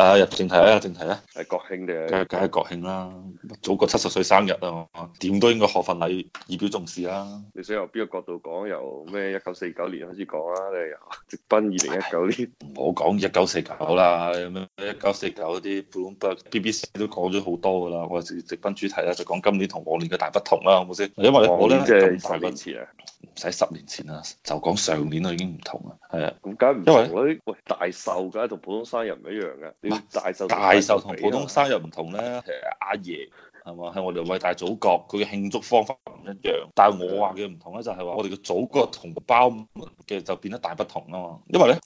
啊入正題咧、啊，正題咧、啊，係國慶定係梗係梗係國慶啦，祖國七十歲生日啊，點都應該賀份禮，以表重視啦、啊。你想由邊個角度講？由咩一九四九年開始講啊？定係由直奔二零一九年？唔好講一九四九啦，一九四九啲，B B C 都講咗好多噶啦。我直直奔主題啦、啊，就講今年同往年嘅大不同啦、啊，好冇好先？因為講咁十年前啊，唔使十年前啊，就講上年都已經唔同啦。係啊，咁解唔同啦，喂大壽梗係同普通生日唔一樣嘅、啊。大壽同普通生日唔同咧，阿爺係嘛，係我哋偉大祖國，佢嘅慶祝方法唔一樣。但係我話嘅唔同咧，就係話我哋嘅祖國同胞嘅就變得大不同啊嘛。因為咧，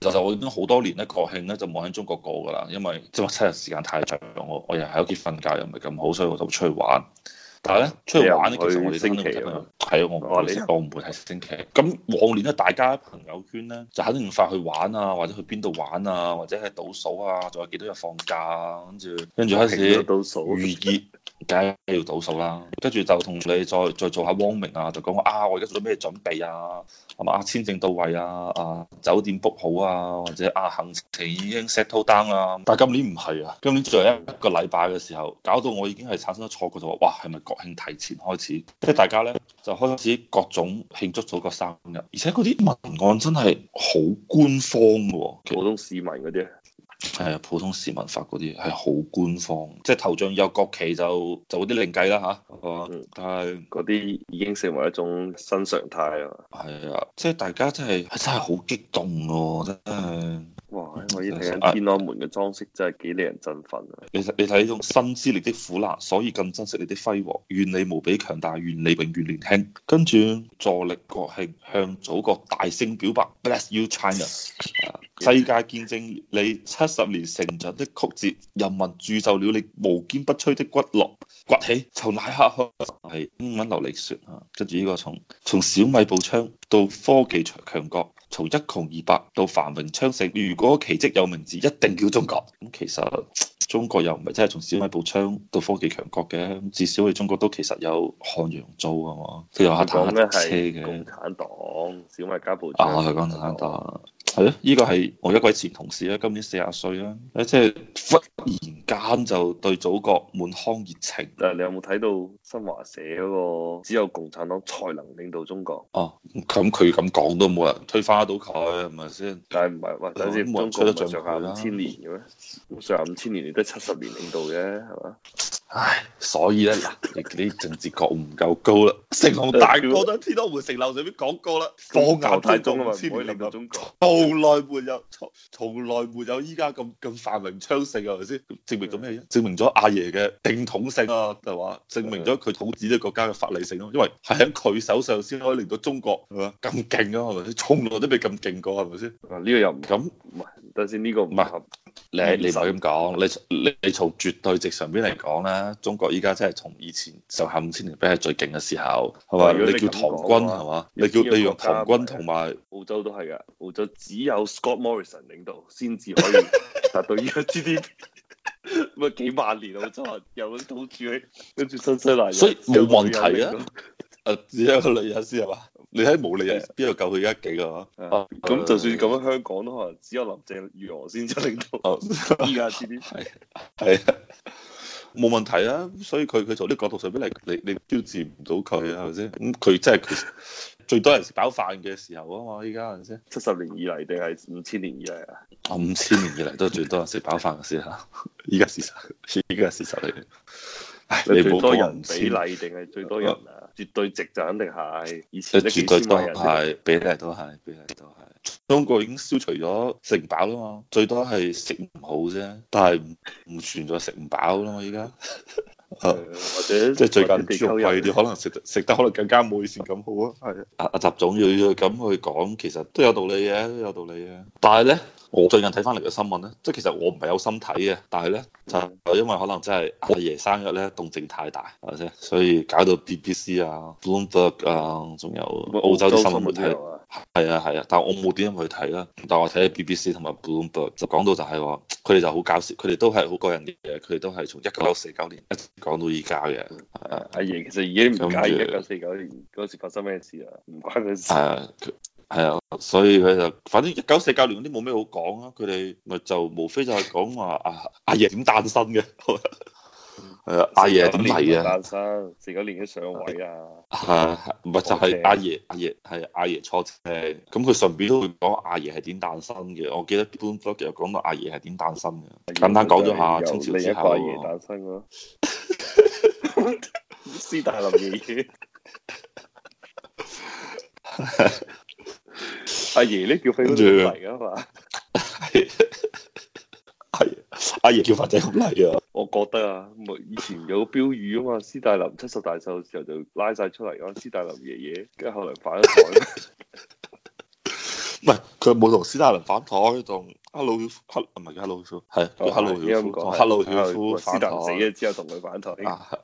就其實我已經好多年咧，國慶咧就冇喺中國過噶啦，因為即係話七日時間太長，我我又喺屋企瞓覺又唔係咁好，所以我就出去玩。但係咧，出去玩咧，的其實我哋真係唔，啊，我唔會，我唔會係升旗。咁、哦、往年咧，大家朋友圈咧就肯定快去玩啊，或者去邊度玩啊，或者係倒數啊，仲有幾多日放假啊，跟住跟住開始倒預熱，梗係 要倒數啦、啊。跟住就同你再再做下汪明啊，就講啊，我而家做咗咩準備啊，係咪啊，簽證到位啊，啊酒店 book 好啊，或者啊行程已經 set down 啦、啊。但係今年唔係啊，今年最後一個禮拜嘅時候，搞到我已經係產生咗錯覺，就話哇，係咪？是國慶提前開始，即係大家咧就開始各種慶祝咗個生日，而且嗰啲文案真係好官方嘅，普通市民嗰啲，係啊，普通市民發嗰啲係好官方，即係頭像有國旗就就嗰啲另計啦，吓。啊嗯、但係嗰啲已經成為一種新常態啊。係啊，即係大家真係真係好激動咯，真係。哇！我一睇緊天安門嘅裝飾真係幾令人振奮啊！你睇你睇呢種新之力的苦難，所以更珍惜你的輝煌，願你無比強大，願你永遠年輕。跟住助力國慶，向祖國大聲表白，Bless you China！世界見證你七十年成長的曲折，人民鑄就了你無堅不摧的骨骼。崛起就拉下，係英文流利說啊！跟住呢個從從小米步槍到科技強強國，從一窮二白到繁榮昌盛。如果奇蹟有名字，一定叫中國。咁其實中國又唔係真係從小米步槍到科技強國嘅，至少我哋中國都其實有漢陽造啊嘛，都有坦克車嘅。啊、共產黨，小米加步槍啊，佢講共產黨。係啊，呢個係我一位前同事啊，今年四十歲啊，即係忽然間就對祖國滿腔熱情。誒，你有冇睇到新華社嗰個只有共產黨才能領導中國？哦、啊，咁佢咁講都冇人推翻得到佢，係咪先？但係唔係，或者中國唔係上下五千啦年嘅咩？上下五千年你都七十年領導嘅，係嘛？唉，所以咧嗱，你政治覺悟唔夠高啦。成龍大哥都喺《天安門城樓上》上邊講過啦，放牛太重啊嘛，中國先可以放牛太縱，從來沒有從從來沒有依家咁咁繁榮昌盛係咪先？證明咗咩嘢？證明咗阿爺嘅定統性啊，係嘛？證明咗佢統治呢個國家嘅法理性咯，因為係喺佢手上先可以令到中國係嘛咁勁啊。係咪先？從來都未咁勁過係咪先？呢、啊這個又唔敢。啊等先，呢個唔係你你唔好咁講，你你你,你從絕對值上邊嚟講咧，中國依家真係從以前上下五千年俾係最勁嘅時候，係嘛？你叫唐軍係嘛？你叫你用唐軍同埋澳洲都係噶，澳洲只有 Scott Morrison 領導先至可以達到依家呢個 GDP，咪幾萬年澳洲有個土著跟住新西蘭，所以冇問題啊！啊，只有一個女人先係嘛？ 你喺冇理由邊度救佢一己啊？嚇！咁就算咁，香港都可能只有林鄭月娥先至令到。依家先啲，係冇問題啊！所以佢佢從啲角度上邊嚟，你你標誌唔到佢係咪先？咁佢的、嗯、真係佢最多人食飽飯嘅時候啊嘛！依家係咪先？七十年以嚟定係五千年以嚟、哦、啊？五千年以嚟都係最多人食飽飯嘅時候。依家事實，依家事實係。你唉最多人比例定係最多人啊？絕對值就肯定係，以前都幾多人，絕對多係比例都係，比例都係。中國已經消除咗食唔飽啦嘛，最多係食唔好啫，但係唔存在食唔飽啦嘛依家。 誒、uh, 或者即係最近地溝油啲可能食食得可能更加冇以前咁好啊，係啊，阿阿習總要咁去講，其實都有道理嘅，都有道理嘅。但係咧，我最近睇翻嚟嘅新聞咧，即係其實我唔係有心睇嘅，但係咧、嗯、就係因為可能真係阿爺生日咧動靜太大係咪先？所以搞到 BBC 啊、Bloomberg 啊，仲有澳洲啲新聞睇。係啊係啊，但我冇點樣去睇啦。但係我睇 BBC 同埋 Bloomberg，就講到就係話，佢哋就好搞笑，佢哋都係好個人嘅。佢哋都係從一九四九年一直講到而家嘅。係啊，阿爺其實已經唔介意一九四九年嗰時發生咩事啊，唔關佢事啊。係啊，所以佢就反正一九四九年嗰啲冇咩好講啊，佢哋咪就無非就係講話 啊阿、啊、爺點誕生嘅。 係啊，阿爺係點嚟嘅？誕生，自己年紀上位啊。係、啊，唔係棒就係阿爺，阿爺係阿爺坐車，咁佢順便都會講阿爺係點誕生嘅。我記得本書記又講到阿爺係點誕生嘅。簡單講咗下清朝之後阿爺誕生咯？ 斯大林爺爺。阿爺咧叫菲律嚟噶嘛？係阿爺叫佛仔好嚟啊！我覺得啊，以前有標語啊嘛，斯大林七十大壽時候就拉晒出嚟講斯大林爺爺，跟住後來反咗台。唔係佢冇同斯大林反台，同赫魯曉夫唔係叫赫魯曉夫係叫赫魯曉夫赫魯曉夫斯大林死咗之後同佢反台。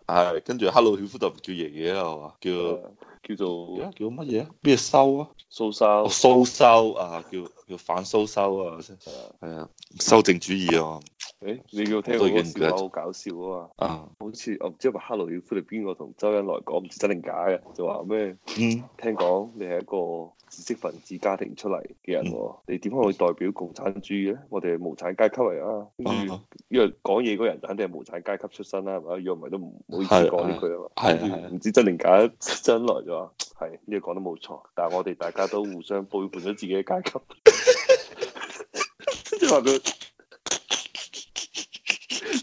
係跟住赫魯曉夫就唔叫爺爺啦，係嘛？叫叫做叫乜嘢啊？咩修啊？蘇修。蘇修啊，叫叫反蘇修啊，係啊，修正主義啊。誒、欸，你叫我聽佢嘅笑話好搞笑啊嘛，啊，uh, 好似我唔知赫魯曉夫係邊個同周恩來講，唔知真定假嘅，就話咩，mm. 聽講你係一個知識分子家庭出嚟嘅人，mm. 你點可以代表共產主義咧？我哋係無產階級嚟啊，因為講嘢嗰人就肯定係無產階級出身啦，啊，係咪？如果唔係都唔好意思講呢句啊嘛，係的，唔知真定假的，周恩來就話，係呢句講得冇錯，但係我哋大家都互相背叛咗自己嘅階級，即係話佢。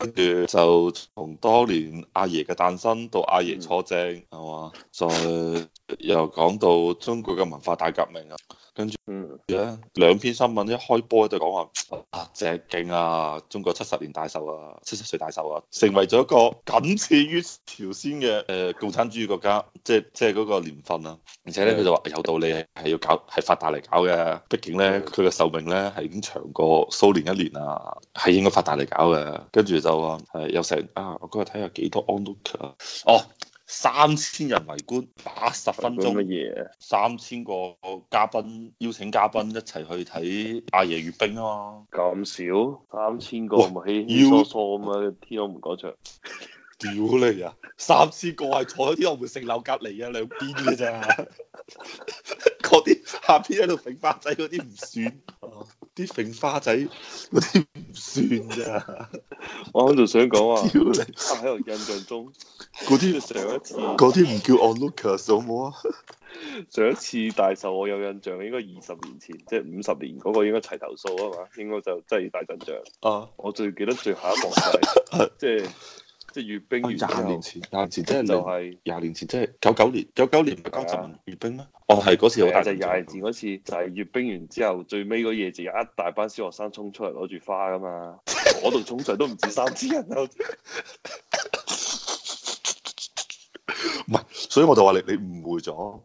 跟住就從多年阿爺嘅誕生到阿爺坐正，係嘛、mm hmm.，再又講到中國嘅文化大革命、mm hmm. 啊，跟住，嗯，兩篇新聞一開波就講話阿鄭勁啊，中國七十年大壽啊，七十歲大壽啊，成為咗一個僅次於朝鮮嘅誒共產主義國家，即係即係嗰個年份啊，而且咧佢就話有道理係要搞係發達嚟搞嘅，畢竟咧佢嘅壽命咧係已經長過蘇聯一年啊，係應該發達嚟搞嘅，跟住就。就啊，成啊、oh,！我嗰日睇下幾多 onlooker 哦，三千人圍觀八十分鐘嘅嘢？三千個嘉賓邀請嘉賓一齊去睇阿爺閲兵啊嘛！咁少？三千個咪稀稀疏疏咁啊！天安門嗰場，屌你啊！三千個係坐喺天安門城樓隔籬啊，兩邊嘅咋？嗰 啲下邊喺度揈花仔嗰啲唔算。啲瓶花仔嗰啲唔算咋， 我喺度想講話、啊，喺度、 啊、印象中嗰啲就上一次、啊，嗰啲唔叫 onlookers 好冇啊？上一次大壽我有印象，應該二十年前，即係五十年嗰個應該齊頭數啊嘛，應該就真係大陣仗啊！ 我最記得最後一幕 就係即係。即係閱兵完廿年前，廿年前即係廿年前，即係九九年，九九年閱兵咩？的哦，係嗰時候就係廿年前嗰次，的就係閱兵完之後最尾嗰夜，就有一大班小學生衝出嚟攞住花噶嘛，嗰度 衝曬都唔止三千人咯、啊。唔係， 所以我就話你，你誤會咗，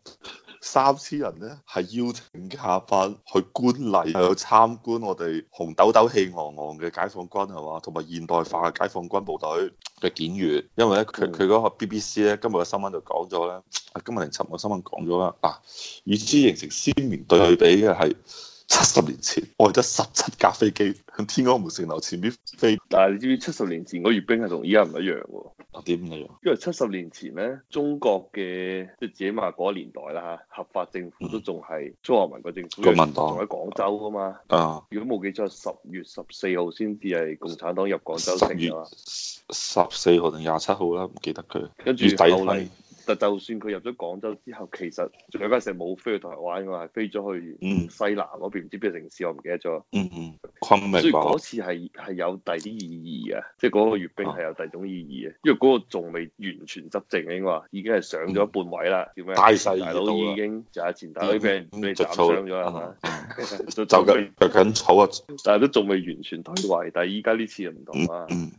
三千人咧係邀請下班去觀禮，去參觀我哋雄赳赳、氣昂昂嘅解放軍係嘛，同埋現代化解放軍部隊嘅檢閱，因為咧，佢佢嗰個 BBC 咧，今日嘅新聞就講咗咧，啊，今日凌晨個新聞講咗啦，啊，與之形成鮮明對比嘅係。七十年前，我哋得十七架飛機喺天安門城樓前面飛。但係你知唔知七十年前個閱兵係同依家唔一樣喎？點唔一樣？因為七十年前咧，中國嘅即係自己話嗰個年代啦嚇，合法政府都仲係、嗯、中華民國政府，政府，仲喺黨廣州噶嘛。啊、如果冇記錯，十月十四號先至係共產黨入廣州城啊，十四號定廿七號啦，唔記得佢。跟住，好嚟。但就算佢入咗廣州之後，其實蔣介石冇飛去台灣㗎嘛，係飛咗去西南嗰邊，唔、嗯、知邊個城市我唔記得咗。嗯嗯，昆明。所以嗰次係係有第二啲意義嘅，即係嗰個閱兵係有第二種意義嘅，因為嗰個仲未完全執政應該已經話已經係上咗一半位啦。點樣、嗯？麼大細大佬已經就係、嗯、前大啲兵未斬咗啊嘛，就嚼緊嚼緊草啊！但係都仲未，未完全退位，但係依家呢次又唔同啦。嗯嗯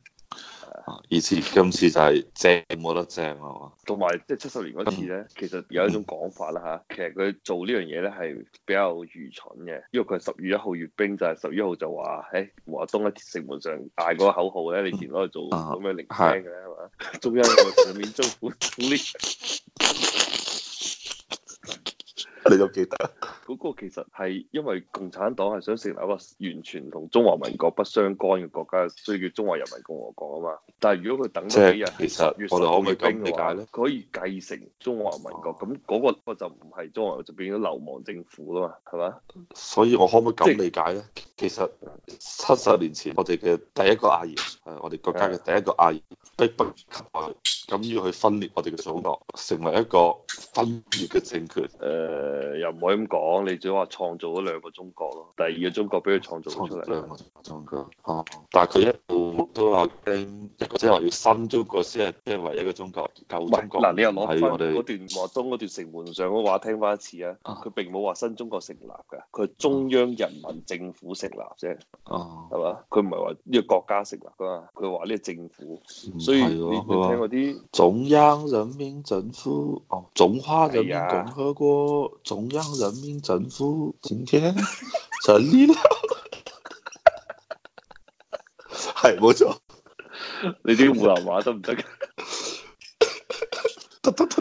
啊！而今次就係正冇得正啊嘛，同埋即係七十年嗰次咧，嗯、其實有一種講法啦嚇，嗯、其實佢做呢樣嘢咧係比較愚蠢嘅，因為佢十月一號閱兵就係十月一號就話，誒華東喺城門上大嗰個口號咧，嗯、你前攞度做咁嘅聆聽嘅，中央人民政府成立，你仲記得？嗰個其實係因為共產黨係想成立一個完全同中華民國不相干嘅國家，所以叫中華人民共和國啊嘛。但係如果佢等咗幾日，其實我哋可唔可以咁理解咧，佢可以繼承中華民國，咁、那、嗰個就唔係中華，就變咗流亡政府啦嘛，係嘛？所以我可唔可以咁理解咧？其實七十年前，我哋嘅第一個阿爺係我哋國家嘅第一個阿爺，迫不及啊，咁要去分裂我哋嘅祖國，成為一個分裂嘅政權。誒、呃，又唔可以咁講，你只話創造咗兩個中國咯，第二個中國俾佢創造出嚟。兩個中國，啊，但係佢一路都話聽，一個即係話要新中國先係即係唯一嘅中國，舊中國。嗱、呃，你又攞翻嗰段,當段話中嗰段城門上嘅話聽翻一次啊，佢並冇話新中國成立嘅，佢係中央人民政府成立啫，哦、啊啊，係嘛？佢唔係話呢個國家成立噶，佢話呢個政府。所以你聽嗰啲，中央人民政府，哦，中華人民共和國中央人民政府，今天成立啦。係冇錯，你啲湖南話得唔得？得得得，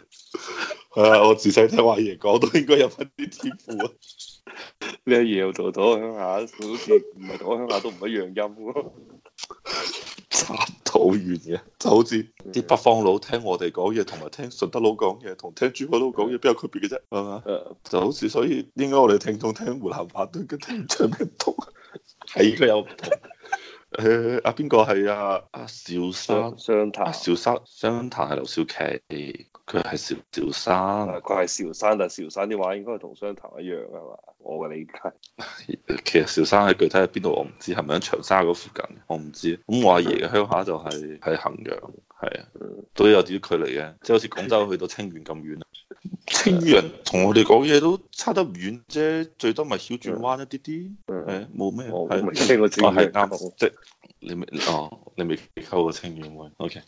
係啊，我自細聽華爺講都應該有翻啲天賦啊。呢嘢樣做土鄉下，好似唔係土鄉下都唔一樣音咯。插土完嘅就好似啲北方佬聽我哋講嘢，同埋聽順德佬講嘢，同聽珠海佬講嘢邊有區別嘅啫，係嘛？就好似所以應該我哋聽眾聽湖南話都跟聽唔出咩唔同，係應該有唔同。誒談，阿邊個係阿韶山湘潭？韶山湘潭係劉少奇，佢係韶韶山。佢係韶山，但係韶山啲話應該係同湘潭一樣啊嘛。我嘅理解，其實韶山喺具體喺邊度，我唔知係咪喺長沙嗰附近，我唔知。咁我阿爺嘅鄉下就係喺衡陽，係啊都有啲距離嘅，即係好似廣州去到清遠咁遠啊！清遠同我哋講嘢都差得唔遠啫，最多咪小轉彎一啲啲。嗯，冇咩，我係啱學即係你未哦，你未溝過清遠喂？O K。Okay